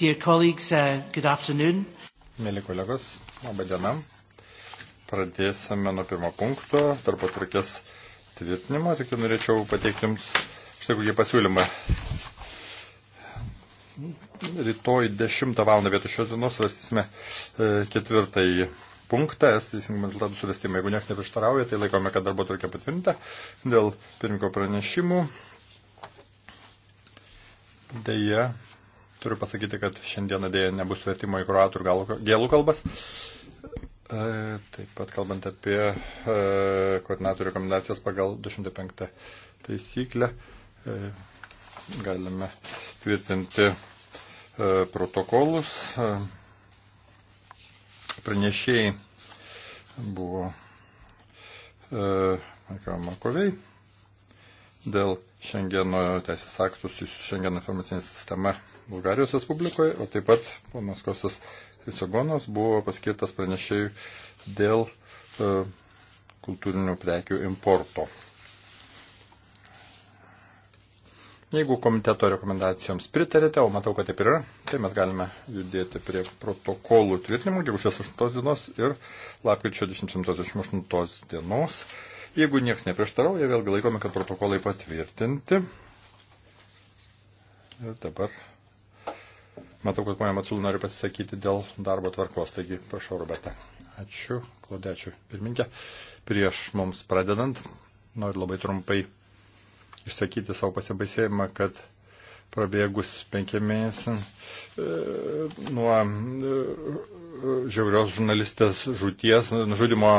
Dear colleagues, uh, good afternoon. Mėly kolegos, laba diena. Pradėsime nuo pirmo punkto, darbo trukės tvirtinimo. Tik norėčiau pateikti Jums štai kokį pasiūlymą. Rytoj 10 val. vietų šios dienos svarstysime e, ketvirtąjį punktą, es teisingumo rezultatų suvestimą. Jeigu niekas neprieštarauja, tai laikome, kad darbo trukė patvirtinta dėl pirmininko pranešimų. Deja, Turiu pasakyti, kad šiandieną dėja nebus vertimo į kruatų ir gėlų kalbas. E, taip pat kalbant apie e, koordinatorių rekomendacijas pagal 205 taisyklę, e, galime tvirtinti protokolus. Pranešėjai buvo Makovei dėl Šengeno teisės aktų su Šengeno informacinė sistema Bulgarijos Respublikoje, o taip pat ponas Kostas Visogonas buvo paskirtas pranešėjų dėl e, kultūrinių prekių importo. Jeigu komiteto rekomendacijoms pritarėte, o matau, kad taip ir yra, tai mes galime judėti prie protokolų tvirtinimų gegužės 8 dienos ir lapkričio 28 dienos. Jeigu niekas neprieštarauja, vėlgi laikome, kad protokolai patvirtinti. Ir dabar Matau, kad ponia Matsulų nori pasisakyti dėl darbo tvarkos, taigi prašau, Roberta. Ačiū, Klaudė, ačiū. Pirminkė, prieš mums pradedant, noriu labai trumpai išsakyti savo pasibaisėjimą, kad prabėgus penkėmės e, nuo e, žiaurios žurnalistės žūties, nužudimo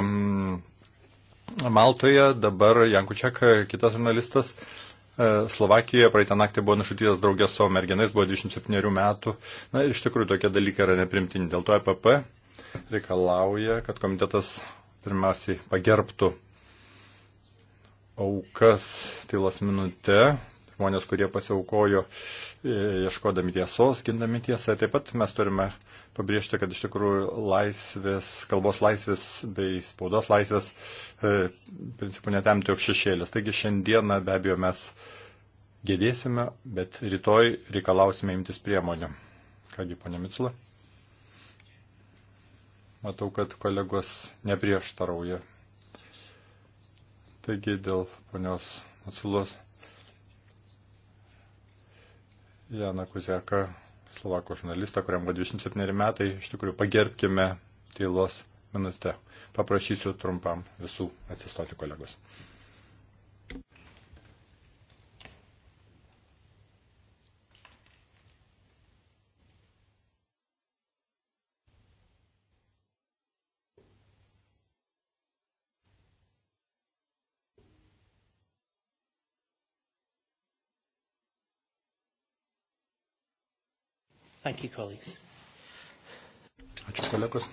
Maltoje, dabar Jankučiak, kitas žurnalistas, e, E, Slovakijoje praeitą naktį buvo nušutytas draugės savo merginais, buvo 27 metų. Na ir iš tikrųjų tokie dalykai yra neprimtini. Dėl to EPP reikalauja, kad komitetas pirmiausiai pagerbtų aukas tylos minute, žmonės, kurie pasiaukojo e, ieškodami tiesos, gindami tiesą. Taip pat mes turime pabrėžti, kad iš tikrųjų laisvės, kalbos laisvės bei spaudos laisvės e, principų netemti jok šešėlis. Taigi šiandieną be abejo mes gėdėsime, bet rytoj reikalausime imtis priemonių. Kągi, ponia Mitsula? Matau, kad kolegos neprieštarauja. Taigi dėl ponios Mitsulos Jana Kuzeka, slovako žurnalista, kuriam buvo 27 metai, iš tikrųjų pagerbkime tylos minutę. Paprašysiu trumpam visų atsistoti kolegos. Thank you, colleagues. Ačiū kolegos.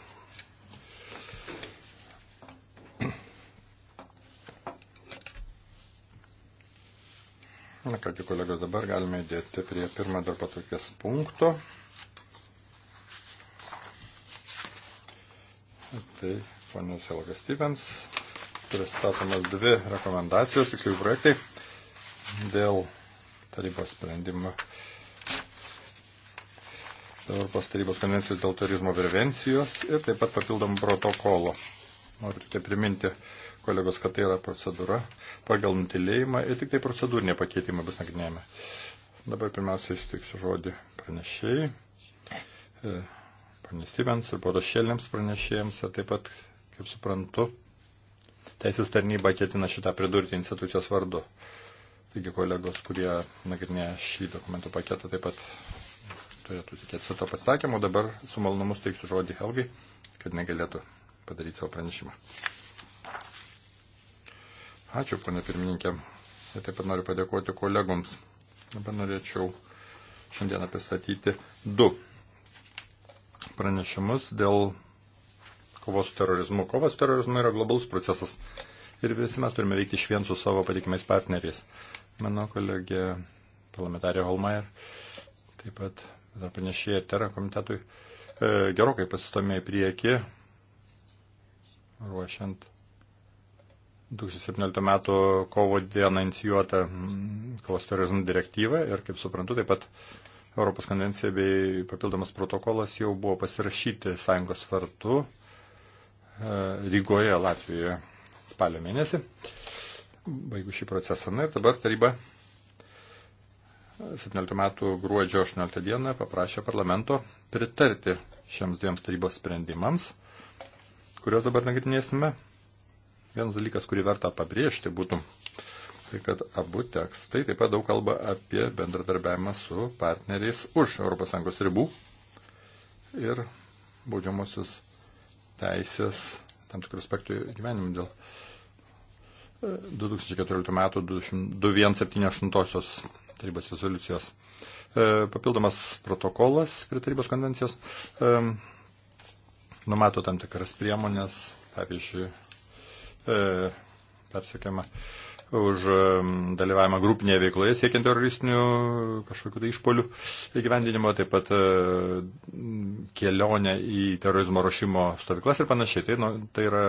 Na kągi kolegos, dabar galime dėti prie pirmo darbo tokias punkto. Tai ponios Helgas Stevens pristatomas dvi rekomendacijos, tiksliau projektai dėl tarybos sprendimo Europos tarybos konvencijos dėl turizmo prevencijos ir taip pat papildomų protokolo. Noriu tik tai priminti kolegos, kad tai yra procedūra pagal nutilėjimą ir tik tai procedūrinė pakeitimai bus nagrinėjami. Dabar pirmiausia įstiksiu žodį pranešėjai, e, panestybėms ir porošėlėms pranešėjams ir taip pat, kaip suprantu, teisės tarnyba ketina šitą pridurti institucijos vardu. Taigi kolegos, kurie nagrinėja šį dokumentų paketą, taip pat turėtų tikėtis to pasakymo. Dabar su malonumu teiksiu žodį Helgai, kad negalėtų padaryti savo pranešimą. Ačiū, ponė pirmininkė. Ir taip pat noriu padėkoti kolegoms. Dabar norėčiau šiandieną pristatyti du pranešimus dėl kovos su terorizmu. Kovas su terorizmu yra globalus procesas. Ir visi mes turime veikti iš vien su savo patikimais partneriais. Mano kolegė parlamentarė Holmeier taip pat dar pranešėjai Tera komitetui, e, gerokai pasistomė į priekį, ruošiant 2017 metų kovo dieną inicijuotą mm, kovos terorizmų direktyvą ir, kaip suprantu, taip pat Europos konvencija bei papildomas protokolas jau buvo pasirašyti sąjungos vartu e, Rygoje, Latvijoje spalio mėnesį. Baigu šį procesą. Na ir dabar taryba 17 metų gruodžio 18 dieną paprašė parlamento pritarti šiems dviems tarybos sprendimams, kuriuos dabar nagrinėsime. Vienas dalykas, kurį verta pabrėžti, būtų tai, kad abu tekstai taip pat daug kalba apie bendradarbiavimą su partneriais už ES ribų ir baudžiamosios teisės tam tikrų aspektų gyvenimų dėl 2014 m. 2178 tarybos rezoliucijos. E, papildomas protokolas prie tarybos konvencijos e, numato tam tikras priemonės, pavyzdžiui, e, persekiama už dalyvavimą grupinėje veikloje siekiant teroristinių kažkokių tai išpolių įgyvendinimo, taip pat kelionę į terorizmo ruošimo stovyklas ir panašiai. Tai, nu, tai yra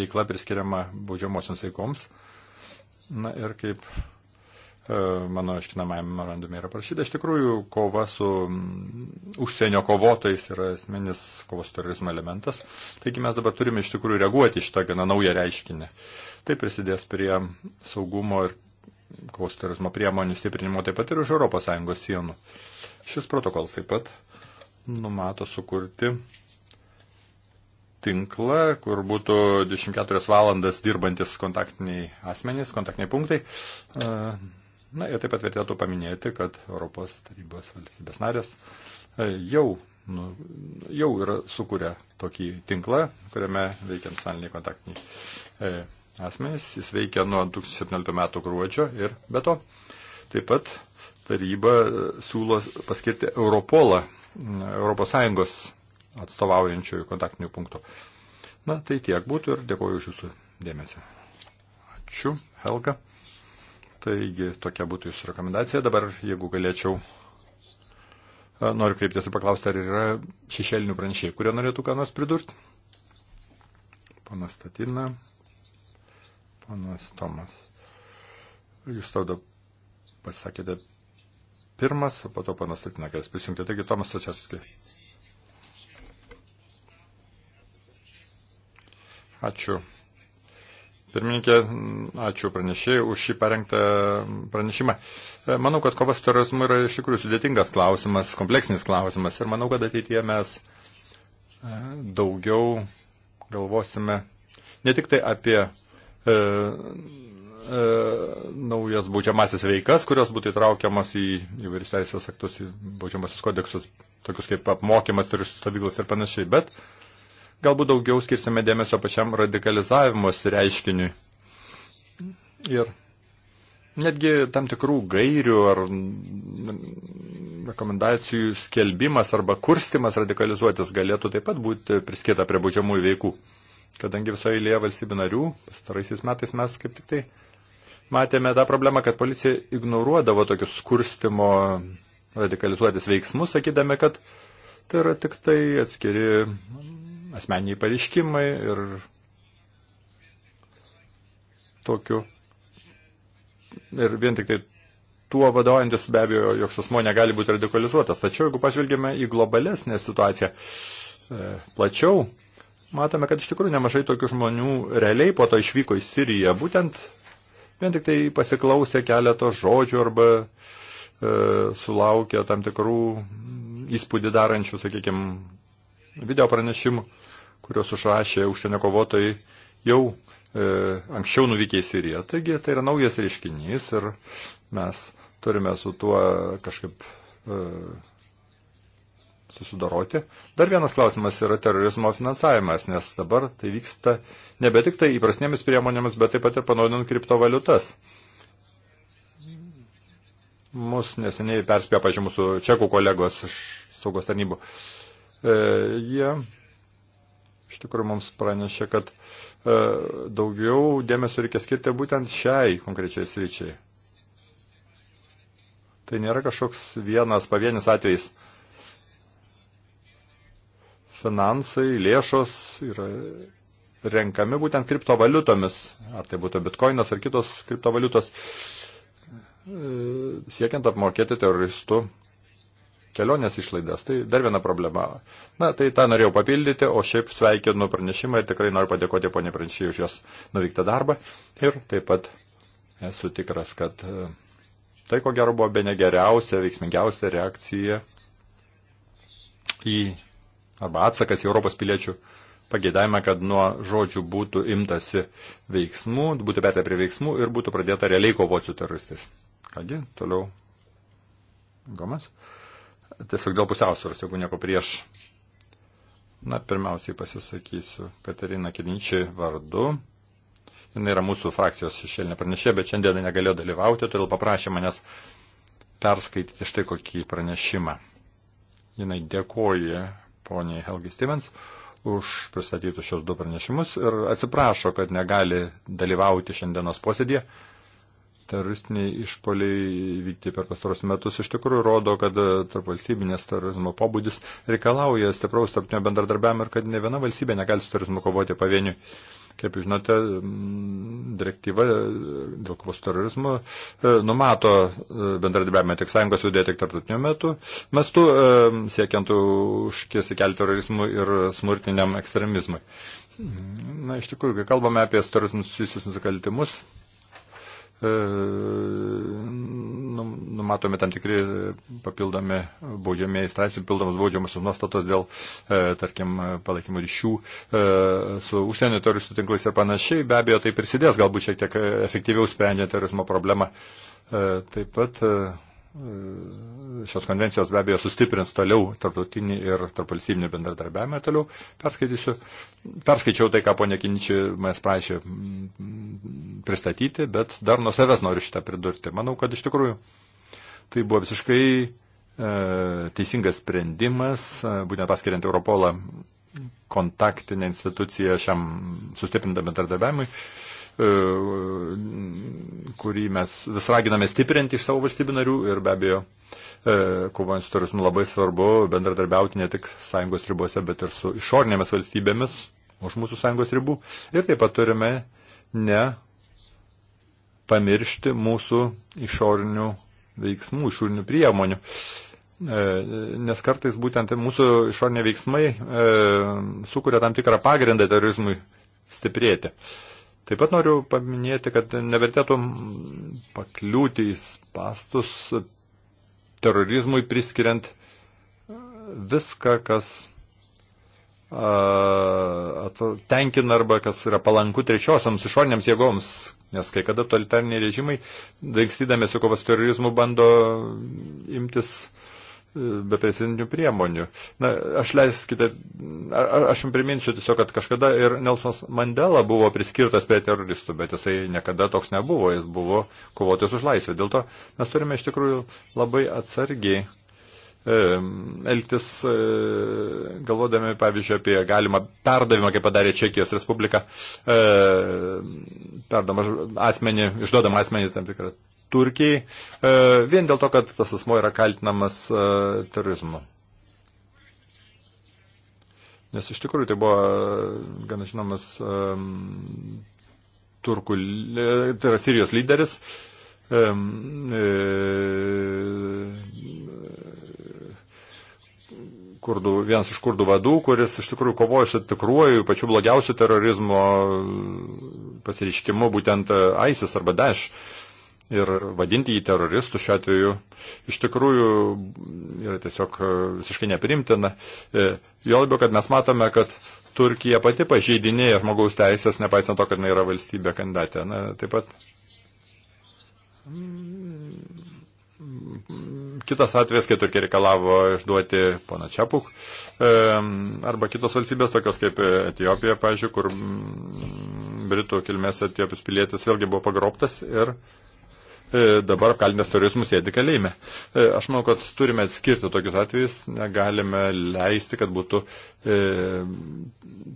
veikla priskiriama baudžiamosioms veikoms. Na ir kaip E, mano aiškinamajame memorandume yra parašyta, iš tikrųjų kova su užsienio kovotojais yra esminis kovos terorizmo elementas. Taigi mes dabar turime iš tikrųjų reaguoti šitą gana naują reiškinį. Tai prisidės prie saugumo ir kovos terorizmo priemonių stiprinimo taip pat ir už ES sienų. Šis protokolas taip pat numato sukurti tinklą, kur būtų 24 valandas dirbantis kontaktiniai asmenys, kontaktiniai punktai. E, Na ir taip pat vertėtų paminėti, kad Europos tarybos valstybės narės e, jau, nu, jau yra sukūrę tokį tinklą, kuriame veikia nacionaliniai kontaktiniai e, asmenys. Jis veikia nuo 2017 metų gruodžio ir be to taip pat taryba e, siūlo paskirti Europolą, ES atstovaujančiųjų kontaktinių punktų. Na tai tiek būtų ir dėkoju už jūsų dėmesį. Ačiū, Helga. Taigi tokia būtų jūsų rekomendacija. Dabar, jeigu galėčiau, noriu kreiptis ir paklausti, ar yra šešėlinių pranešėjų, kurie norėtų ką nors pridurti. Panas Statina, panas Tomas. Jūs tada pasakėte pirmas, o po to panas Statina, kai jūs prisijungtė. Taigi Tomas Sočiavskis. Ačiū. Pirmininkė, ačiū pranešėjai už šį parengtą pranešimą. E, manau, kad kova su terorizmu yra iš tikrųjų sudėtingas klausimas, kompleksinis klausimas ir manau, kad ateityje mes e, daugiau galvosime ne tik tai apie e, e, naujas baudžiamasis veikas, kurios būtų įtraukiamas į įvairius teisės aktus, į baudžiamasis kodeksus, tokius kaip apmokymas, turistų stovyklas ir panašiai, bet e, galbūt daugiau skirsime dėmesio pačiam radikalizavimus reiškiniui. Ir netgi tam tikrų gairių ar rekomendacijų skelbimas arba kurstimas radikalizuotis galėtų taip pat būti priskita prie baudžiamųjų veikų. Kadangi visoje eilėje valstybių narių, pastaraisiais metais mes kaip tik tai matėme tą problemą, kad policija ignoruodavo tokius kurstimo radikalizuotis veiksmus, sakydami, kad tai yra tik tai atskiri asmeniniai pareiškimai ir tokiu. Ir vien tik tai tuo vadovantis be abejo, joks asmo negali būti radikalizuotas. Tačiau jeigu pažvelgėme į globalesnę situaciją e, plačiau, matome, kad iš tikrųjų nemažai tokių žmonių realiai po to išvyko į Siriją, būtent vien tik tai pasiklausė keleto žodžių arba e, sulaukė tam tikrų įspūdį darančių, sakykime, video pranešimų, kuriuos užrašė užsienio kovotojai jau e, anksčiau nuvykę į Siriją. Taigi tai yra naujas reiškinys ir mes turime su tuo kažkaip e, susidoroti. Dar vienas klausimas yra terorizmo finansavimas, nes dabar tai vyksta nebe tik tai įprasnėmis priemonėmis, bet taip pat ir panaudojant kriptovaliutas. Mus neseniai perspėjo, pažiūrėjau, mūsų čekų kolegos iš saugos tarnybų. E, E, jie iš tikrųjų mums pranešė, kad e, daugiau dėmesio reikia skirti būtent šiai konkrečiai sričiai. Tai nėra kažkoks vienas pavienis atvejis. Finansai, lėšos yra renkami būtent kriptovaliutomis, ar tai būtų bitkoinas ar kitos kriptovaliutos, e, siekiant apmokėti teroristų kelionės išlaidas. Tai dar viena problema. Na, tai tą norėjau papildyti, o šiaip sveikinu pranešimą ir tikrai noriu padėkoti ponė pranešėjai už jos nuveiktą darbą. Ir taip pat esu tikras, kad e, tai, ko gero, buvo be negeriausia, veiksmingiausia reakcija į arba atsakas į Europos piliečių pageidavimą, kad nuo žodžių būtų imtasi veiksmų, būtų perėta prie veiksmų ir būtų pradėta realiai kovoti su teroristais. Kągi, toliau. Gomas. Uh, tiesiog dėl pusiausvėros, jeigu nieko prieš. Na, pirmiausiai pasisakysiu Katerina Kiničiai vardu. Jis yra mūsų frakcijos šešėlinė pranešė, bet šiandien negalėjo dalyvauti, todėl paprašė manęs perskaityti štai kokį pranešimą. Jis dėkoja poniai Helgi Stevens už pristatytus šios du pranešimus ir atsiprašo, kad negali dalyvauti šiandienos posėdėje teroristiniai išpoliai įvykti per pastaros metus iš tikrųjų rodo, kad e, tarp valstybinės terorizmo pobūdis reikalauja stipraus tarptinio bendradarbiavimo ir kad ne viena valstybė negali su terorizmu kovoti pavieniui. Kaip žinote, direktyva e, dėl kovos terorizmo e, numato bendradarbiavimą tiek sąjungos viduje, tiek tarptautiniu metu. Mes tu siekiant užkėsti kelią terorizmui ir smurtiniam ekstremizmui. Na, iš tikrųjų, kai kalbame apie teroristinius susijusius nusikaltimus, E, nu, numatome tam tikri papildomi baudžiamieji straipsniai, papildomas baudžiamas nuostatos dėl, e, tarkim, palaikymo ryšių e, su užsienio teroristų tinklais ir panašiai. Be abejo, tai prisidės galbūt šiek tiek efektyviau sprendžiant terorizmo problemą. Taip pat E, šios konvencijos be abejo sustiprins toliau tarptautinį ir tarpvalstybinį bendradarbiavimą ir toliau perskaitysiu. Perskaičiau tai, ką ponė Kiničiai manęs prašė pristatyti, bet dar nuo savęs noriu šitą pridurti. Manau, kad iš tikrųjų tai buvo visiškai e, teisingas sprendimas, e, būtent paskiriant Europolą kontaktinę instituciją šiam sustiprintam bendradarbiavimui. E, E, kurį mes vis raginame stiprinti iš savo valstybių narių ir be abejo, e, kovojant su terorizmu labai svarbu bendradarbiauti ne tik sąjungos ribose, bet ir su išornėmis valstybėmis už mūsų sąjungos ribų. Ir taip pat turime ne pamiršti mūsų išorinių veiksmų, išorinių priemonių. E, nes kartais būtent mūsų išoriniai veiksmai e, sukuria tam tikrą pagrindą terorizmui stiprėti. E, Taip pat noriu paminėti, kad nevertėtų pakliūti į pastus terorizmui priskiriant viską, kas a, ato, tenkina arba kas yra palanku trečiosiams išoriniams jėgoms. Nes kai kada totalitariniai režimai, daikstydamėsi kovas terorizmu, bando imtis uh, beprecedentinių priemonių. Na, aš leiskite, a, aš jums priminsiu tiesiog, kad kažkada ir Nelsonas Mandela buvo priskirtas prie teroristų, bet jisai niekada toks nebuvo, jis buvo kovotojas už laisvę. Dėl to mes turime iš tikrųjų labai atsargiai e, elgtis, e, galvodami, pavyzdžiui, apie galimą perdavimą, kaip padarė Čekijos Respublika, e, perdamą asmenį, išduodamą asmenį tam tikrą Turkijai, e, vien dėl to, kad tas asmo yra kaltinamas e, terorizmu. Nes iš tikrųjų tai buvo e, gana žinomas turkų, tai yra Sirijos lyderis. Kurdų, vienas iš kurdų vadų, kuris iš tikrųjų kovojo su tikruoju, pačiu blogiausiu terorizmo pasireiškimu, būtent ISIS arba DAESH ir vadinti jį teroristų šiuo atveju iš tikrųjų yra tiesiog e, visiškai neprimtina. E, jo labiau, kad mes matome, kad Turkija pati pažeidinėja žmogaus teisės, nepaisant to, kad jinai yra valstybė kandidatė. Na, taip pat mm, kitas atvejas, kai Turkija reikalavo išduoti pana Čiapuk, e, arba kitos valstybės, tokios kaip Etijopija, pažiūrėjau, kur mm, Britų kilmės Etijopijos pilietis vėlgi buvo pagrobtas ir uh, E, dabar apkalintas terorizmų sėdi kalėjime. E, aš manau, kad turime atskirti tokius atvejus, negalime leisti, kad būtų e,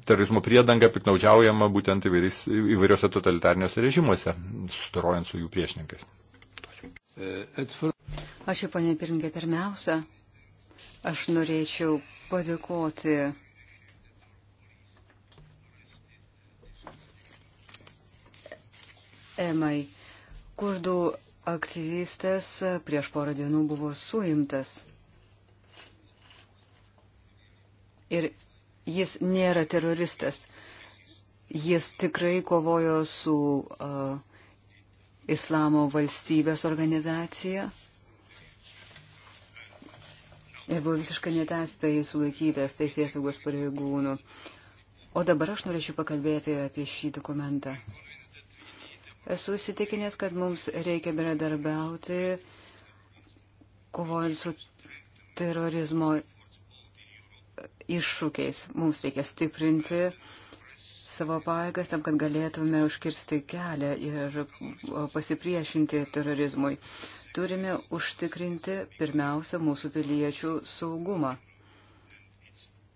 terorizmo priedanga piknaudžiaujama būtent įvairios, įvairiose totalitarniuose režimuose, sustarojant su jų priešininkais. Ačiū, panė pirmininkė, pirmiausia. Aš norėčiau padėkoti Emai kurdų aktyvistas prieš porą dienų buvo suimtas. Ir jis nėra teroristas. Jis tikrai kovojo su uh, Islamo valstybės organizacija. Ir buvo visiškai netestai sulaikytas teisės saugos pareigūnų. O dabar aš norėčiau pakalbėti apie šį dokumentą. Esu įsitikinęs, kad mums reikia bendradarbiauti, kovojant su terorizmo iššūkiais. Mums reikia stiprinti savo paėgas tam, kad galėtume užkirsti kelią ir pasipriešinti terorizmui. Turime užtikrinti pirmiausia mūsų piliečių saugumą.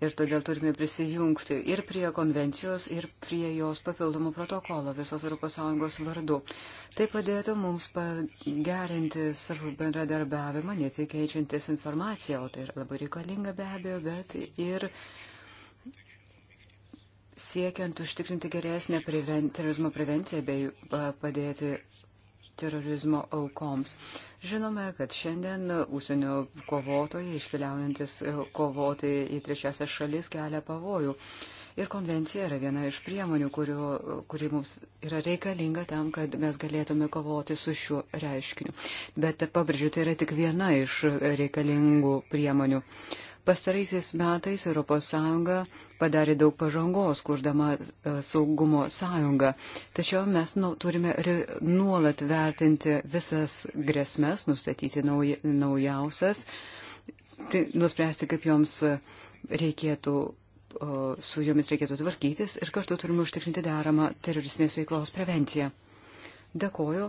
Ir todėl turime prisijungti ir prie konvencijos, ir prie jos papildomų protokolo visos ES vardu. Tai padėtų mums pagerinti savo bendradarbiavimą, ne tik keičiantis informaciją, o tai yra labai reikalinga be abejo, bet ir siekiant užtikrinti geresnę preven terorizmo prevenciją bei padėti terorizmo aukoms. Žinome, kad šiandien užsienio kovotojai, iškeliaujantis e, kovoti į trečiasias šalis, kelia pavojų. Ir konvencija yra viena iš priemonių, kurio, kuri mums yra reikalinga tam, kad mes galėtume kovoti su šiuo reiškiniu. Bet, pabrėžiu, tai yra tik viena iš reikalingų priemonių. Uh, Pastaraisiais metais ES padarė daug pažangos, kurdama e, saugumo sąjungą. Tačiau mes nu, turime nuolat vertinti visas grėsmes, nustatyti nauj, naujausias, tai, nuspręsti, kaip joms reikėtų su jomis reikėtų tvarkytis ir kartu turime užtikrinti deramą teroristinės veiklos prevenciją. Dėkoju.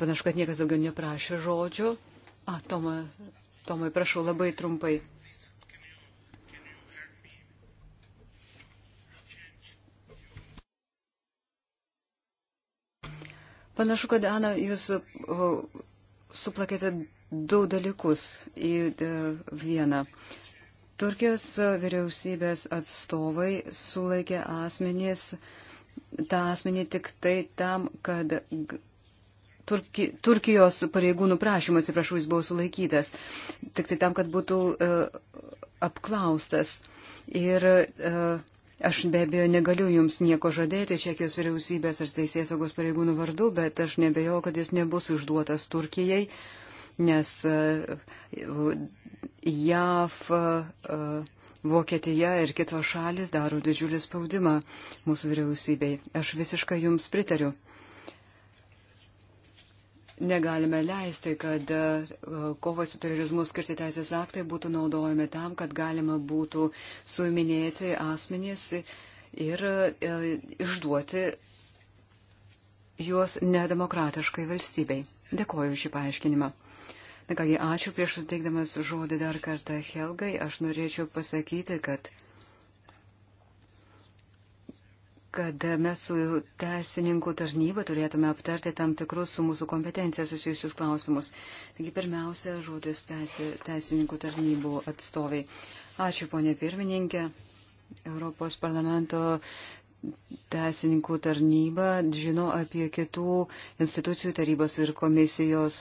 Panašu, kad niekas daugiau neprašė žodžio. A, Toma Tomai, prašau labai trumpai. Panašu, kad, Ana, jūs uh, suplakėte du dalykus į uh, vieną. Turkijos vyriausybės atstovai sulaikė asmenys, tą asmenį tik tai tam, kad Turki, Turkijos pareigūnų prašymą, atsiprašau, jis buvo sulaikytas, tik tai tam, kad būtų uh, apklaustas. Ir uh, aš be abejo negaliu jums nieko žadėti Čekijos vyriausybės ar teisės saugos pareigūnų vardu, bet aš nebejoju, kad jis nebus išduotas Turkijai, nes uh, JAV. Uh, Vokietija ir kitos šalis daro didžiulį spaudimą mūsų vyriausybei. Aš visiškai jums pritariu. Uh, Negalime leisti, kad e, kovai su terorizmu skirti teisės aktai būtų naudojami tam, kad galima būtų suiminėti asmenys ir e, išduoti juos nedemokratiškai valstybei. Dėkoju šį paaiškinimą. Na kągi, ačiū prieš suteikdamas žodį dar kartą Helgai. Aš norėčiau pasakyti, kad kad mes su teisininkų tarnyba turėtume aptarti tam tikrus su mūsų kompetencija susijusius klausimus. Taigi pirmiausia, žodis teisė, teisininkų tarnybų atstoviai. Ačiū, ponė pirmininkė. Europos parlamento teisininkų tarnyba žino apie kitų institucijų tarybos ir komisijos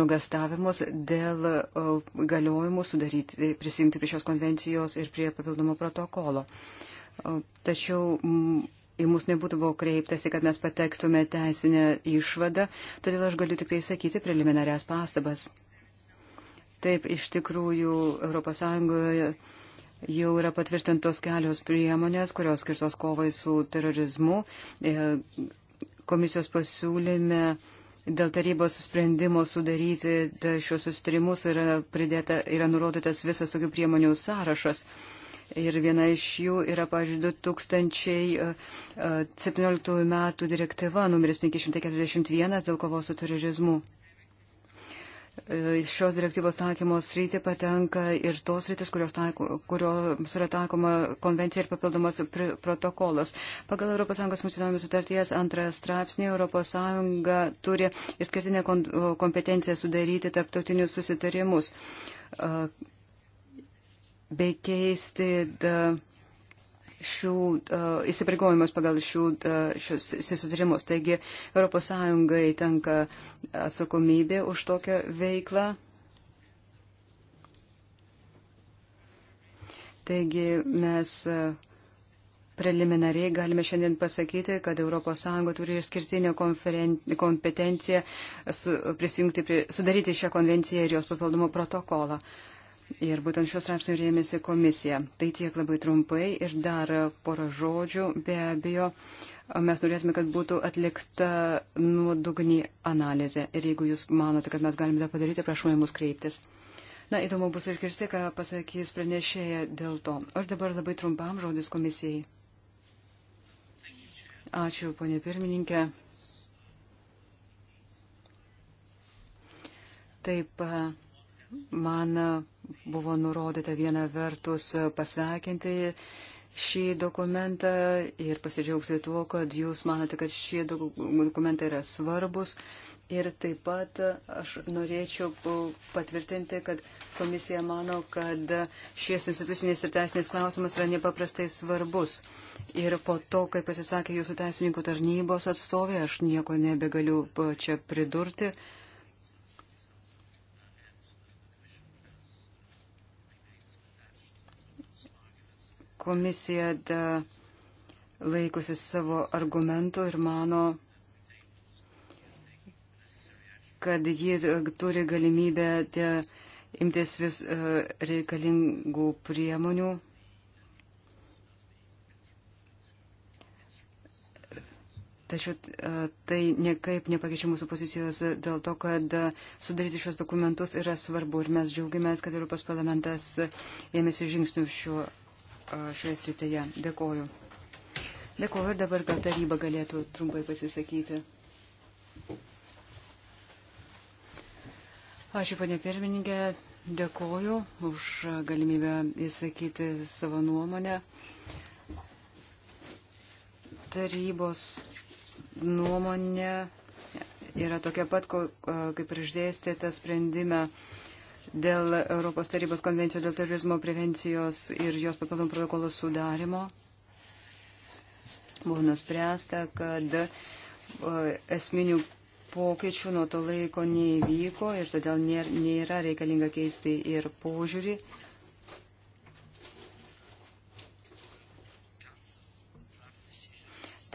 nugastavimus dėl galiojimų sudaryti, prisijungti prie šios konvencijos ir prie papildomo protokolo. Uh, tačiau mm, į mus nebūtų kreiptasi, kad mes patektume teisinę išvadą, todėl aš galiu tik tai sakyti preliminarias pastabas. Taip, iš tikrųjų, ES jau yra patvirtintos kelios priemonės, kurios skirtos kovai su terorizmu. E, komisijos pasiūlyme dėl tarybos sprendimo sudaryti šios sustarimus yra, pridėta, yra nurodytas visas tokių priemonių sąrašas. Ir viena iš jų yra, pažiūrėjau, 2017 e, e, metų direktyva numeris 541 dėl kovos su terorizmu. E, šios direktyvos taikymos rytį patenka ir tos rytis, kurios, taiko, kurios yra taikoma konvencija ir papildomas protokolas. Pagal ES funkcionavimo sutarties antrą straipsnį ES turi išskirtinę kompetenciją sudaryti tarptautinius susitarimus bei keisti šių uh, įsipareigojimus pagal šių, uh, šius susitarimus. Taigi ES tenka atsakomybė už tokią veiklą. Taigi mes preliminariai galime šiandien pasakyti, kad ES turi išskirtinę kompetenciją su, prie, sudaryti šią konvenciją ir jos papildomą protokolą. Uh, Ir būtent šios straipsnių rėmėsi komisija. Tai tiek labai trumpai ir dar porą žodžių. Be abejo, mes norėtume, kad būtų atlikta nuodugni analizė. Ir jeigu jūs manote, kad mes galime tą padaryti, prašome mus kreiptis. Na, įdomu bus išgirsti, ką pasakys pranešėja dėl to. Aš dabar labai trumpam žodis komisijai. Ačiū, ponė pirmininkė. Taip. Uh, man buvo nurodyta viena vertus pasakinti šį dokumentą ir pasidžiaugti tuo, kad jūs manote, kad šie dokumentai yra svarbus. Ir taip pat aš norėčiau patvirtinti, kad komisija mano, kad šies institucinės ir teisinės klausimas yra nepaprastai svarbus. Ir po to, kai pasisakė jūsų teisininkų tarnybos atstovė, aš nieko nebegaliu čia pridurti. Uh, Komisija da, laikosi savo argumentų ir mano, kad ji turi galimybę da, imtis vis e, reikalingų priemonių. Tačiau e, tai niekaip nepakeičia mūsų pozicijos dėl to, kad sudaryti šios dokumentus yra svarbu ir mes džiaugiamės, kad Europos parlamentas ėmėsi žingsnių šiuo šioje srityje. Dėkoju. Dėkoju ir dabar gal taryba galėtų trumpai pasisakyti. Ačiū, ponė pirmininkė, dėkoju už galimybę įsakyti savo nuomonę. Tarybos nuomonė yra tokia pat, kaip ir išdėstėta sprendime dėl Europos tarybos konvencijos dėl terorizmo prevencijos ir jos papildomų protokolų sudarimo buvo nuspręsta, kad esminių pokyčių nuo to laiko neįvyko ir todėl nėra reikalinga keisti ir požiūrį.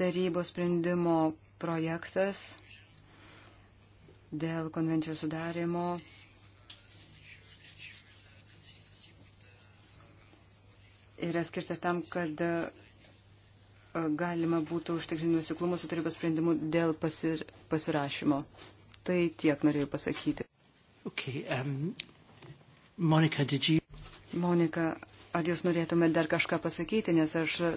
Tarybos sprendimo projektas dėl konvencijos sudarimo yra skirtas tam, kad e, galima būtų užtikrinti nusiklumą su tarybos sprendimu dėl pasir pasirašymo. Tai tiek norėjau pasakyti. Okay, um, Monika, you... Monika, ar jūs norėtumėte dar kažką pasakyti, nes aš uh,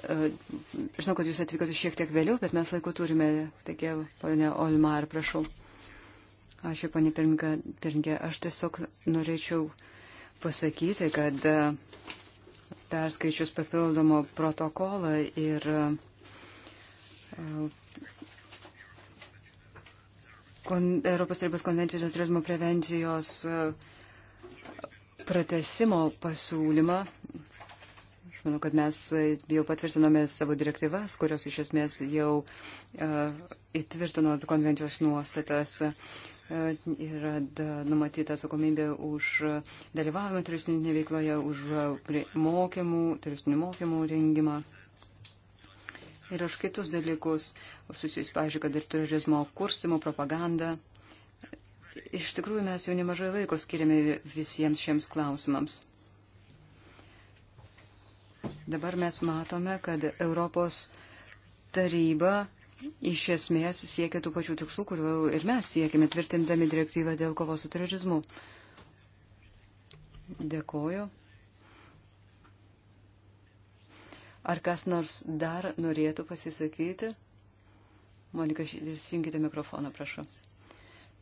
žinau, kad jūs atvykote šiek tiek vėliau, bet mes laiko turime. Taigi, ponia Olmar, prašau. Ačiū, ponia Pirmininkė. Aš tiesiog norėčiau pasakyti, kad uh, perskaičius papildomo protokolą ir e, kon, Europos tarybos konvencijos dėl turizmo prevencijos e, pratesimo pasiūlymą, Aš manau, kad mes e, jau patvirtinome savo direktyvas, kurios iš esmės jau uh, įtvirtino konvencijos nuostatas. Uh, yra numatyta atsakomybė už dalyvavimą turistinėje veikloje, už mokymų, turistinių mokymų rengimą. Ir už kitus dalykus, susijus, pažiūrėjau, kad ir turizmo kurstimo propagandą. Iš tikrųjų, mes jau nemažai laiko skiriame visiems šiems klausimams. Dabar mes matome, kad Europos taryba iš esmės siekia tų pačių tikslų, kurių ir mes siekime tvirtindami direktyvą dėl kovos su terorizmu. Dėkoju. Ar kas nors dar norėtų pasisakyti? Monika, išsijunkite mikrofoną, prašau.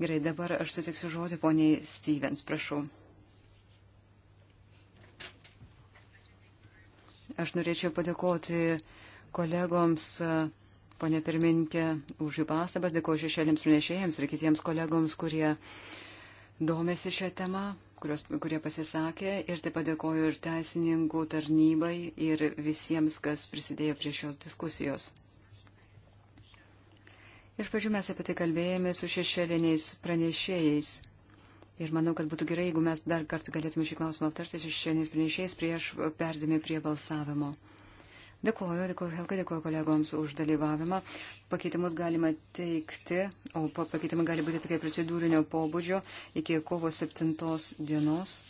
Gerai, dabar aš sutiksiu žodį poniai Stevens, prašau. Aš norėčiau padėkoti kolegoms, e, ponė pirmininkė, už jų pastabas, dėkoju šešėlėms pranešėjams ir kitiems kolegoms, kurie domėsi šią temą, kurios, kurie pasisakė ir taip pat dėkoju ir teisininkų tarnybai ir visiems, kas prisidėjo prie šios diskusijos. Iš pradžių mes apie tai kalbėjome su šešėliniais pranešėjais. Ir manau, kad būtų gerai, jeigu mes dar kartą galėtume šį klausimą aptarti šešėliniais pranešėjais prieš perdėmį prie balsavimo. Dėkuoju, dėkuoju Helga, dėkuoju kolegoms už dalyvavimą. Pakeitimus galima teikti, o pakeitimai gali būti tokie procedūrinio pobūdžio iki kovo 7 dienos.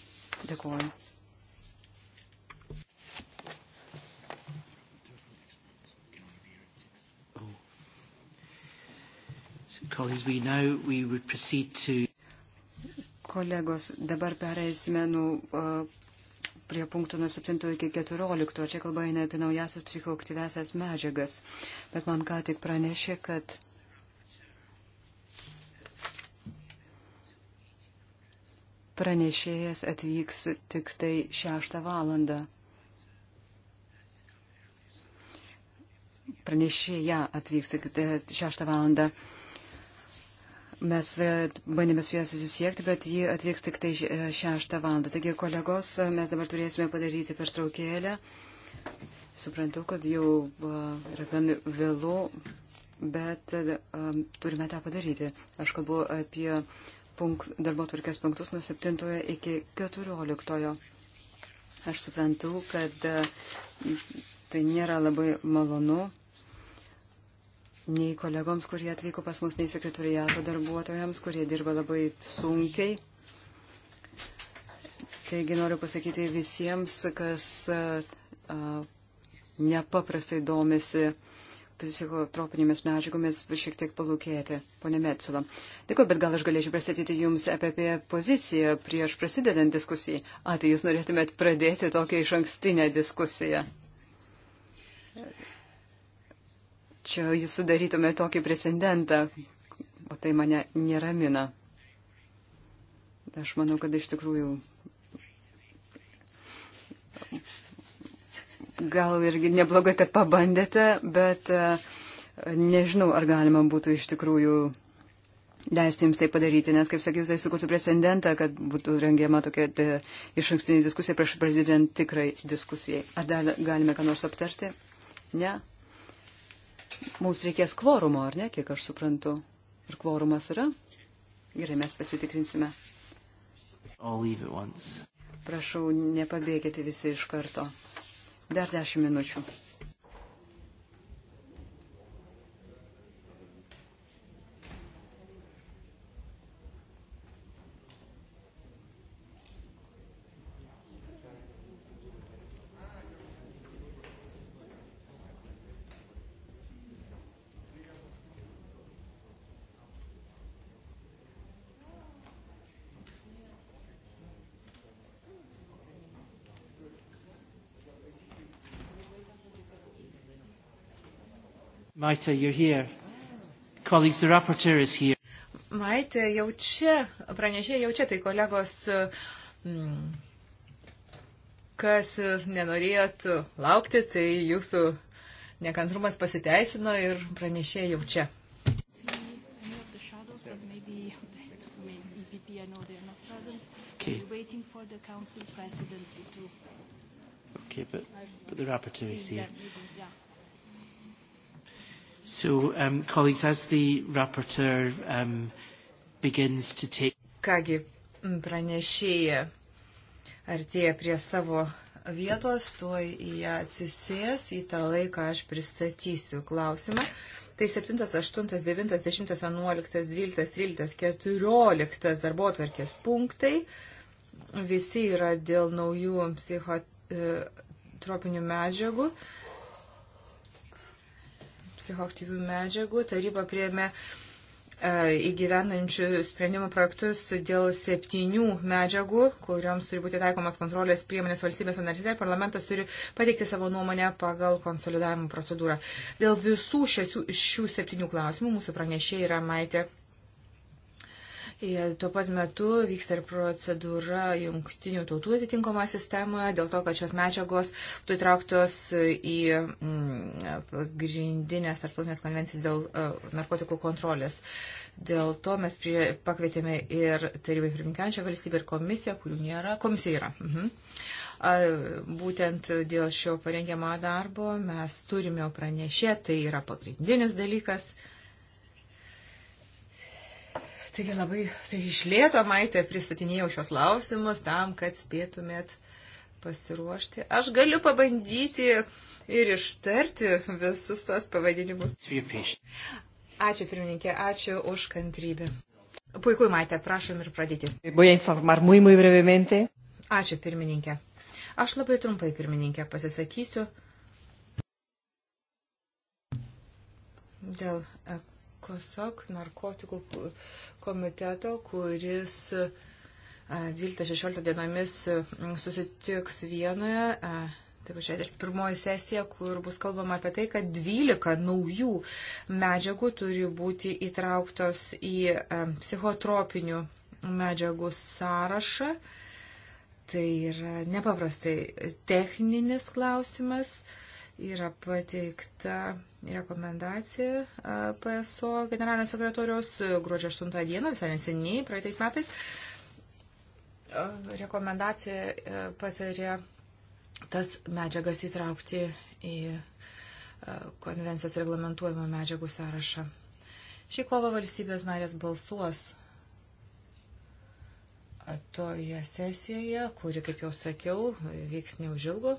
Dėkuoju. Oh. Colleagues, we now we would proceed to Kolegos, dabar pereisime nu, prie punktų nuo 7 iki 14. Čia kalba eina apie naujasias psichoaktyvesias medžiagas. Bet man ką tik pranešė, kad. Pranešėjas atvyks tik tai 6 valandą. Pranešėja atvyks tik 6 e, valandą. Mes e, bandėme su ją susisiekti, bet ji atvyks tik tai e, šeštą valandą. Taigi, kolegos, e, mes dabar turėsime padaryti pertraukėlę. Suprantu, kad jau yra gan vėlu, bet um, turime tą padaryti. Aš kalbu apie punkt, darbo tvarkės punktus nuo 7 iki 14. Aš suprantu, kad tai nėra labai malonu nei kolegoms, kurie atvyko pas mus, nei sekretoriato darbuotojams, kurie dirba labai sunkiai. Taigi noriu pasakyti visiems, kas a, a, nepaprastai domisi psichotropinėmis medžiagomis šiek tiek palūkėti, ponė Metsula. Dėkui, bet gal aš galėčiau pristatyti Jums apie, apie poziciją prieš prasidedant diskusijai. A, tai Jūs norėtumėt pradėti tokią iš ankstinę diskusiją čia jūs sudarytume tokį precedentą, o tai mane neramina. Aš manau, kad iš tikrųjų gal irgi neblogai, kad pabandėte, bet e, nežinau, ar galima būtų iš tikrųjų leisti jums tai padaryti, nes, kaip sakiau, tai sukurtų precedentą, kad būtų rengiama tokia e, iš ankstinė diskusija prieš prezident tikrai diskusijai. Ar dar galime ką nors aptarti? Ne? Mums reikės kvorumo, ar ne, kiek aš suprantu. Ir kvorumas yra? Gerai, mes pasitikrinsime. Prašau, nepabėgėte visi iš karto. Dar dešimt minučių. Maita, you're here. Colleagues, the rapporteur is here. Maitė jau čia, pranešė jau čia, tai kolegos. Mm, kas nenorėjot laukti, tai jūsų nekantrumas pasiteisino ir pranešė jau čia. Okay. Okay, but, but the rapporteur is here. Yeah, even, yeah. So, um, colleagues, as the rapporteur um, begins to take... Kągi, pranešėja artėja prie savo vietos, tuoj į ją atsisės, į tą laiką aš pristatysiu klausimą. Tai 7, 8, 9, 10, 11, 12, 13, 14 darbo atvarkės punktai. Visi yra dėl naujų psichotropinių e, medžiagų. Uh, psichoktyvių medžiagų. Taryba priemė e, įgyvenančių sprendimų projektus dėl septynių medžiagų, kuriuoms turi būti taikomas kontrolės priemonės valstybės analizė ir parlamentas turi pateikti savo nuomonę pagal konsolidavimo procedūrą. Dėl visų šių, šių septynių klausimų mūsų pranešė yra Maitė Ir tuo pat metu vyksta ir procedūra jungtinių tautų atitinkama sistemoje dėl to, kad šios medžiagos būtų įtrauktos į mm, pagrindinės tarptautinės konvencijas dėl e, narkotikų kontrolės. Dėl to mes prie, pakvietėme ir tarybai pirmininkančią valstybę ir komisiją, kurių nėra. Komisija yra. Mhm. A, būtent dėl šio parengiamo darbo mes turime pranešę, tai yra pagrindinis dalykas. Uh, Taigi labai tai išlėto, Maitė, pristatinėjau šios klausimus tam, kad spėtumėt pasiruošti. Aš galiu pabandyti ir ištarti visus tos pavadinimus. Ačiū, pirmininkė, ačiū už kantrybę. Puiku, Maitė, prašom ir pradėti. Ačiū, pirmininkė. Aš labai trumpai, pirmininkė, pasisakysiu dėl Kosok narkotikų komiteto, kuris 12-16 e, dienomis e, susitiks vienoje. E, Taip, 61 sesija, kur bus kalbama apie tai, kad 12 naujų medžiagų turi būti įtrauktos į psichotropinių medžiagų sąrašą. Tai yra nepaprastai techninis klausimas. Uh, yra pateikta rekomendacija PSO generalinio sekretorijos e, gruodžio 8 dieną, visai neseniai, praeitais metais. Rekomendacija e, patarė tas medžiagas įtraukti į konvencijos reglamentuojimo medžiagų sąrašą. Šį kovą valstybės narės balsuos toje sesijoje, kuri, kaip jau sakiau, vyks neužilgo,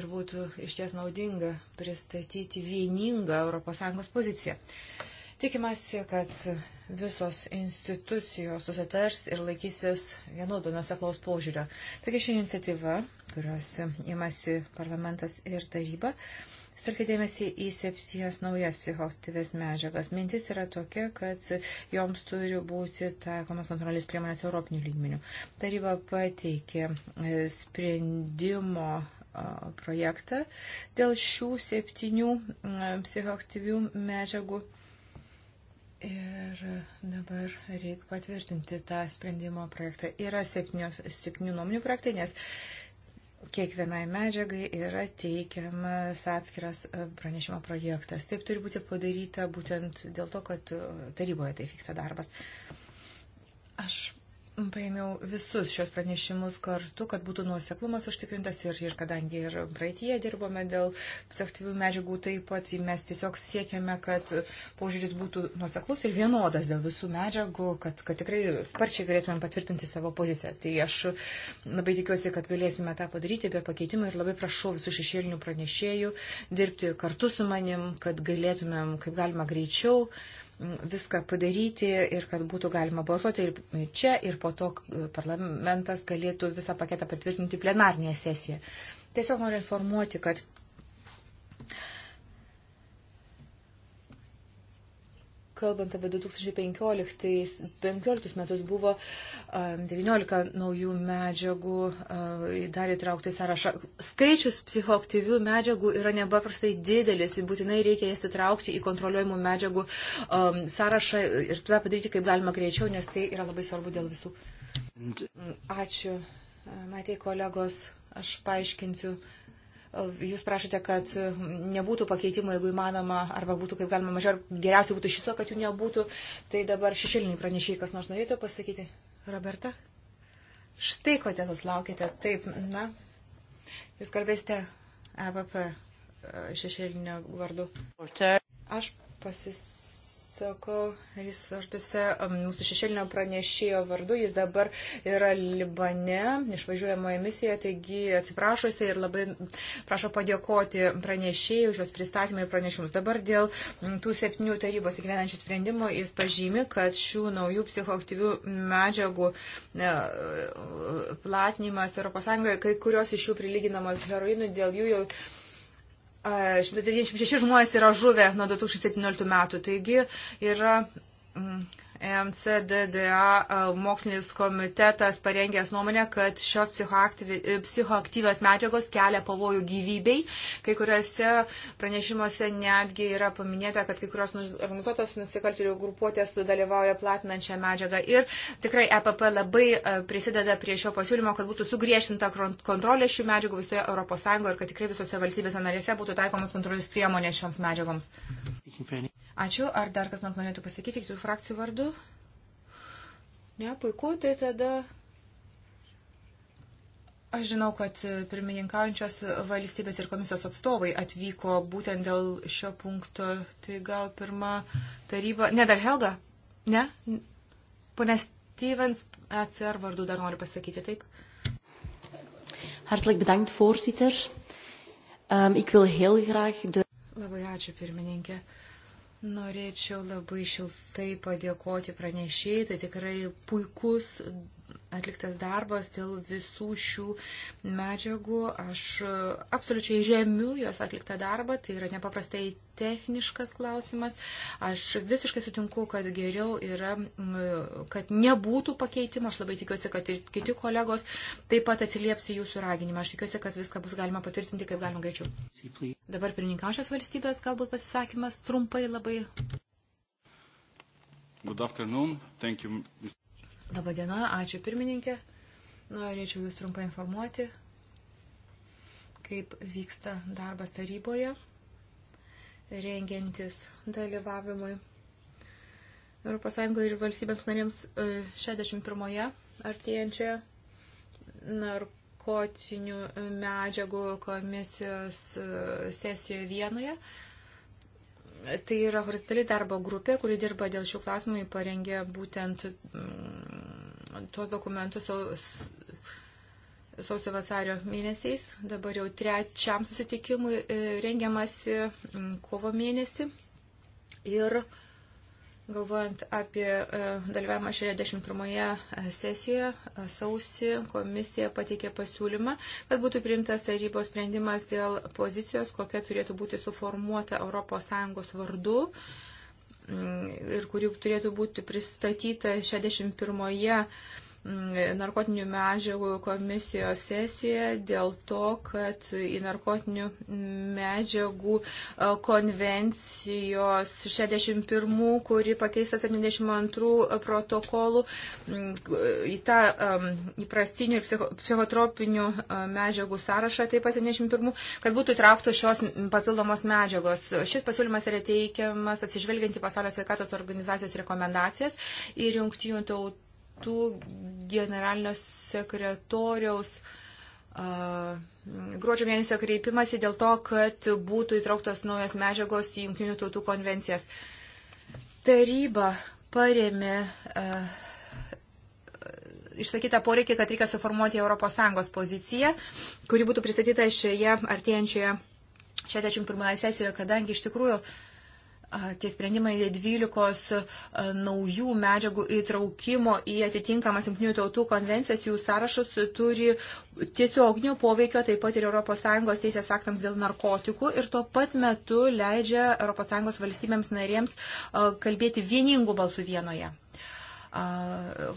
ir būtų iš ties naudinga pristatyti vieningą ES poziciją. Tikimasi, kad visos institucijos susitars ir laikysis vienodo nuseklaus požiūrio. Taigi ši iniciatyva, kurios imasi parlamentas ir taryba, Stelkia dėmesį į septynias naujas psichoaktyves medžiagas. Mintis yra tokia, kad joms turi būti taikomas kontrolės priemonės europinių lygmenių. Taryba pateikė e, sprendimo projektą dėl šių septynių psichoaktyvių medžiagų. Ir dabar reikia patvirtinti tą sprendimo projektą. Yra septynių, septynių nuomonių projektai, nes kiekvienai medžiagai yra teikiamas atskiras e, pranešimo projektas. Taip turi būti padaryta būtent dėl to, kad e, taryboje tai fiksa darbas. Aš Paėmiau visus šios pranešimus kartu, kad būtų nuoseklumas užtikrintas ir, ir kadangi ir praeitie dirbome dėl psichaktyvių medžiagų, taip pat mes tiesiog siekiame, kad požiūris būtų nuoseklus ir vienodas dėl visų medžiagų, kad, kad tikrai sparčiai galėtumėm patvirtinti savo poziciją. Tai aš labai tikiuosi, kad galėsime tą padaryti be pakeitimų ir labai prašau visų šešėlinių pranešėjų dirbti kartu su manim, kad galėtumėm kaip galima greičiau uh, viską padaryti ir kad būtų galima balsuoti ir čia, ir po to parlamentas galėtų visą paketą patvirtinti plenarnėje sesijoje. Tiesiog noriu informuoti, kad kalbant apie 2015, 2015 metus, buvo 19 um, naujų medžiagų uh, dar įtraukti sąrašą. Skaičius psichoaktyvių medžiagų yra nepaprastai didelis ir būtinai reikia jas įtraukti į kontroliuojimų medžiagų um, sąrašą ir tą padaryti kaip galima greičiau, nes tai yra labai svarbu dėl visų. Ačiū. Matei kolegos, aš paaiškinsiu Jūs prašote, kad nebūtų pakeitimų, jeigu įmanoma, arba būtų kaip galima mažiau, geriausiai būtų šiso, kad jų nebūtų. Tai dabar šešėliniai pranešiai, kas nors norėtų pasakyti. Roberta? Štai kodėl jūs laukite. Taip, na, jūs kalbėsite EVP e, šešėlinio vardu. Aš pasis atsakau Rislaštose um, mūsų šešėlinio pranešėjo vardu. Jis dabar yra Libane, išvažiuojamoje misijoje, taigi atsiprašosi ir labai prašo padėkoti pranešėjai už jos pristatymą ir pranešimus. Dabar dėl mm, tų septynių tarybos įgyvenančių sprendimų jis pažymi, kad šių naujų psichoaktyvių medžiagų e, platinimas ES, kai kurios iš jų prilyginamos heroinui, dėl jų jau 196 žmonės yra žuvę nuo 2017 metų, taigi yra mm, MCDDA e, mokslinis komitetas parengęs nuomonę, kad šios e, psichoaktyvios medžiagos kelia pavojų gyvybei. Kai kuriuose pranešimuose netgi yra paminėta, kad kai kurios organizuotos nusikaltėlių grupuotės dalyvauja platinančią medžiagą. Ir tikrai EPP labai e, prisideda prie šio pasiūlymo, kad būtų sugriežtinta kontrolė šių medžiagų visoje ES ir kad tikrai visose valstybėse narėse būtų taikomos kontrolės priemonės šioms medžiagoms. Ačiū. Ar dar kas nors norėtų pasakyti kitų frakcijų vardu? Ne, puiku, tai tada. Aš žinau, kad pirmininkaujančios valstybės ir komisijos atstovai atvyko būtent dėl šio punkto. Tai gal pirma taryba. Ne, dar Helga? Ne? Pone Stevens, ECR vardu dar noriu pasakyti, taip? Hartelijk bedankt, voorzitter. Um, ik wil heel graag de. Labai ačiū, pirmininkė. Uh, Norėčiau labai šiltai padėkoti pranešėjai, tai tikrai puikus atliktas darbas dėl visų šių medžiagų. Aš absoliučiai žemiu jos atliktą darbą, tai yra nepaprastai techniškas klausimas. Aš visiškai sutinku, kad geriau yra, kad nebūtų pakeitimo. Aš labai tikiuosi, kad ir kiti kolegos taip pat atsilieps į jūsų raginimą. Aš tikiuosi, kad viską bus galima patvirtinti kaip galima greičiau. Dabar pirmininkaušios valstybės galbūt pasisakymas trumpai labai. Good afternoon. Thank you. Labadiena, ačiū pirmininkė. Norėčiau Jūs trumpai informuoti, kaip vyksta darbas taryboje, rengiantis dalyvavimui ES ir valstybėms narėms 61-oje e, artėjančioje narkotinių medžiagų komisijos e, sesijoje vienoje. Tai yra horizontali darbo grupė, kuri dirba dėl šių klausimų, parengė būtent tuos dokumentus sausio vasario mėnesiais. Dabar jau trečiam susitikimui e, rengiamasi kovo mėnesį. Ir galvojant apie e, dalyvavimą 61 e, sesijoje, sausi komisija pateikė pasiūlymą, kad būtų priimtas tarybos sprendimas dėl pozicijos, kokia turėtų būti suformuota ES vardu Mm, ir kuri turėtų būti pristatyta 61 narkotinių medžiagų komisijos sesijoje dėl to, kad į narkotinių medžiagų e, konvencijos 61, kuri pakeista 72 protokolų, į tą įprastinių ir psichotropinių e, medžiagų sąrašą, taip pat 71, kad būtų įtrauktos šios papildomos medžiagos. Šis pasiūlymas yra teikiamas atsižvelgiant į pasaulio sveikatos organizacijos rekomendacijas ir jungtinių tautų tautų generalinio sekretoriaus uh, gruodžio mėnesio kreipimasi dėl to, kad būtų įtrauktos naujos medžiagos į Junktinių tautų konvencijas. Taryba paremė uh, išsakytą poreikį, kad reikia suformuoti ES poziciją, kuri būtų pristatyta šioje artėjančioje 61 sesijoje, kadangi iš tikrųjų uh, Tie sprendimai 12 naujų medžiagų įtraukimo į atitinkamas Junktinių tautų konvencijas, jų sąrašus turi tiesioginio poveikio taip pat ir ES teisės aktams dėl narkotikų ir tuo pat metu leidžia ES valstybėms narėms kalbėti vieningų balsų vienoje.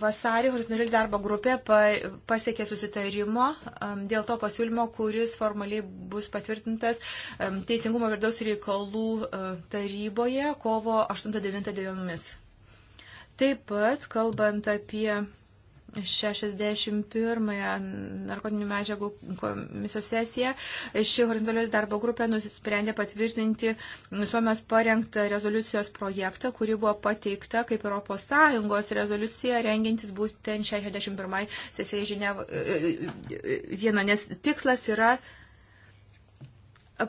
Vasarį horizontaliai darbo grupė pasiekė susitarimo dėl to pasiūlymo, kuris formaliai bus patvirtintas Teisingumo vidaus reikalų taryboje kovo 8-9 dienomis. Taip pat, kalbant apie 61-ąją narkotinių medžiagų komisijos sesiją. Ši horizontalios darbo grupė nusprendė patvirtinti Suomijos parengtą rezoliucijos projektą, kuri buvo pateikta kaip ES rezoliucija rengintis būtent 61-ai sesijai Ženev... E, e, e, vieną, nes tikslas yra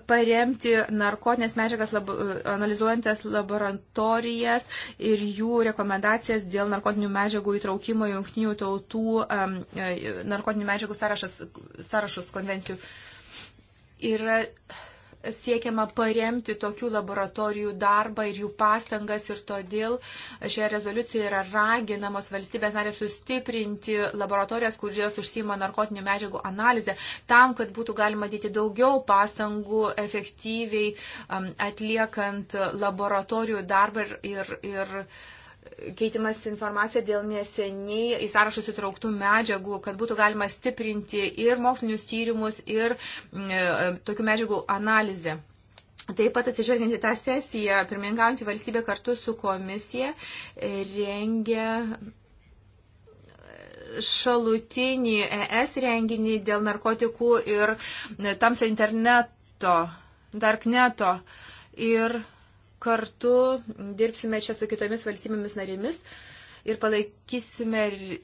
paremti narkotinės medžiagas lab, analizuojantas laboratorijas ir jų rekomendacijas dėl narkotinių medžiagų įtraukimo į jungtinių tautų um, narkotinių medžiagų sąrašas, sąrašus konvencijų. Yra siekiama paremti tokių laboratorijų darbą ir jų pastangas ir todėl šioje rezoliucijoje yra raginamos valstybės narės sustiprinti laboratorijas, kurios užsima narkotinių medžiagų analizę, tam, kad būtų galima dėti daugiau pastangų efektyviai um, atliekant laboratorijų darbą ir, ir, ir keitimas informacija dėl neseniai į sąrašus įtrauktų medžiagų, kad būtų galima stiprinti ir mokslinius tyrimus, ir mm, e, tokių medžiagų analizę. Taip pat atsižvelgiant į tą sesiją, pirmininkaujantį valstybę kartu su komisija e, rengia e, šalutinį ES renginį dėl narkotikų ir tamsio interneto, darkneto. Ir kartu dirbsime čia su kitomis valstybėmis narėmis ir palaikysime e,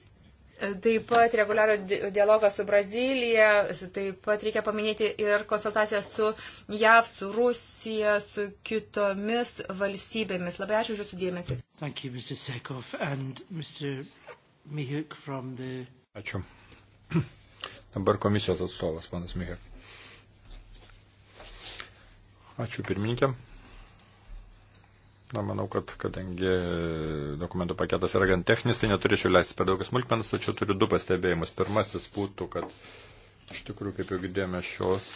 Taip pat reguliarų dialogą su Brazilija, taip pat reikia paminėti ir konsultaciją su JAV, su Rusija, su kitomis valstybėmis. Labai ačiū už Jūsų dėmesį. Thank you, Mr. Sekov and Mr. Mihuk from the... Ačiū. Dabar komisijos atstovas, panas Mihuk. Ačiū pirmininkė. Na, manau, kad kadangi dokumentų paketas yra gan techninis, tai neturėčiau leisti per daug smulkmenas, tačiau turiu du pastebėjimus. Pirmasis būtų, kad iš tikrųjų, kaip jau girdėjome, šios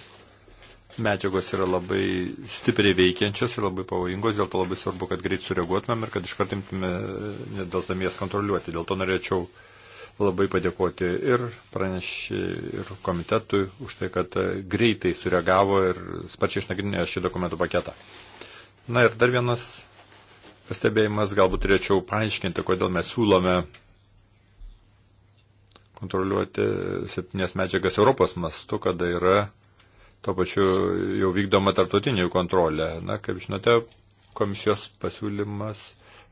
medžiagos yra labai stipriai veikiančios ir labai pavojingos, dėl to labai svarbu, kad greit sureaguotumėm ir kad iškart imtume nedelsdami jas kontroliuoti. Dėl to norėčiau labai padėkoti ir pranešė, ir komitetui už tai, kad greitai sureagavo ir sparčiai išnagrinėjo šį dokumentų paketą. Na ir dar vienas pastebėjimas, galbūt turėčiau paaiškinti, kodėl mes siūlome kontroliuoti septynės medžiagas Europos mastu, kada yra tuo pačiu jau vykdoma tarptautinių kontrolė. Na, kaip žinote, komisijos pasiūlymas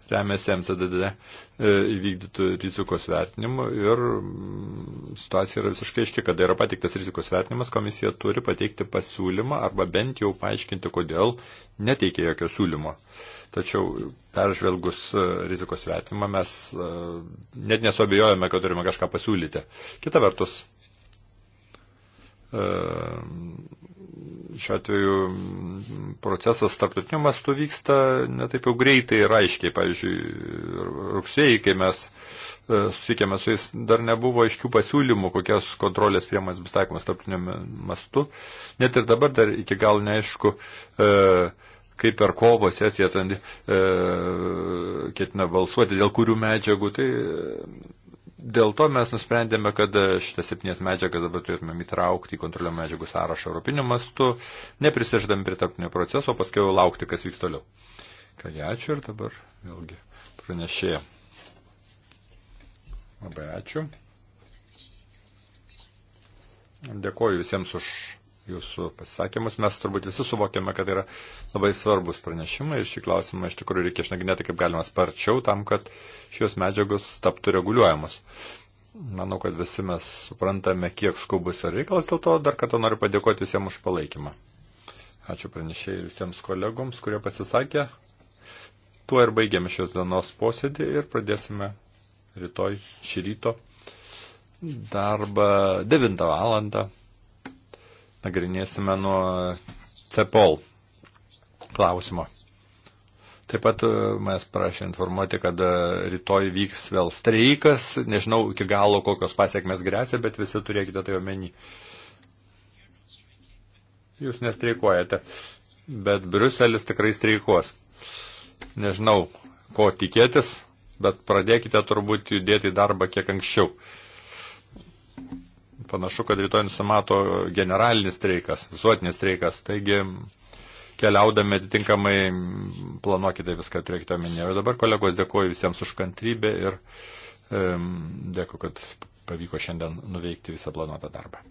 remiasi MCDD e, įvykdytų rizikos vertinimu ir mm, situacija yra visiškai aiški, kada yra pateiktas rizikos vertinimas, komisija turi pateikti pasiūlymą arba bent jau paaiškinti, kodėl neteikia jokio siūlymo. Tačiau peržvelgus e, rizikos vertinimą mes e, net nesobėjojame, kad turime kažką pasiūlyti. Kita vertus, Ehm, šiuo atveju mm, procesas tarptautiniu mastu vyksta netaip jau greitai ir aiškiai. Pavyzdžiui, rugsėjai, kai mes e, susikėme su jais, dar nebuvo aiškių pasiūlymų, kokios kontrolės priemonės bus taikomas tarptautiniu mastu. Net ir dabar dar iki galo neaišku, e, kaip per kovo sesiją e, ketina balsuoti, dėl kurių medžiagų. Tai Dėl to mes nusprendėme, kad šitas septynės medžiagas dabar turėtumėm įtraukti į kontrolio medžiagų sąrašą europiniu mastu, neprisiždami prie tarptinio proceso, paskui laukti, kas vyks toliau. Kągi, ačiū ir dabar vėlgi pranešėja. Labai ačiū. Dėkoju visiems už jūsų pasisakymus. Mes turbūt visi suvokiame, kad tai yra labai svarbus pranešimai ir šį klausimą iš tikrųjų reikia išnagrinėti kaip galima sparčiau tam, kad šios medžiagos taptų reguliuojamos. Manau, kad visi mes suprantame, kiek skubus yra reikalas, dėl to dar kartą noriu padėkoti visiems už palaikymą. Ačiū pranešėjai visiems kolegoms, kurie pasisakė. Tuo ir baigėme šios dienos posėdį ir pradėsime rytoj šį ryto darbą 9 valandą nagrinėsime nuo CEPOL klausimo. Taip pat e, mes prašė informuoti, kad e, rytoj vyks vėl streikas. Nežinau iki galo, kokios pasiekmes grėsia, bet visi turėkite tai omeny. Jūs nestreikuojate, bet Briuselis tikrai streikuos. Nežinau, ko tikėtis, bet pradėkite turbūt judėti į darbą kiek anksčiau panašu, kad rytoj nusimato generalinis streikas, visuotinis streikas. Taigi, keliaudami atitinkamai planuokite viską, turėkite omenyje. O dabar, kolegos, dėkuoju visiems už kantrybę ir um, dėkuoju, kad pavyko šiandien nuveikti visą planuotą darbą.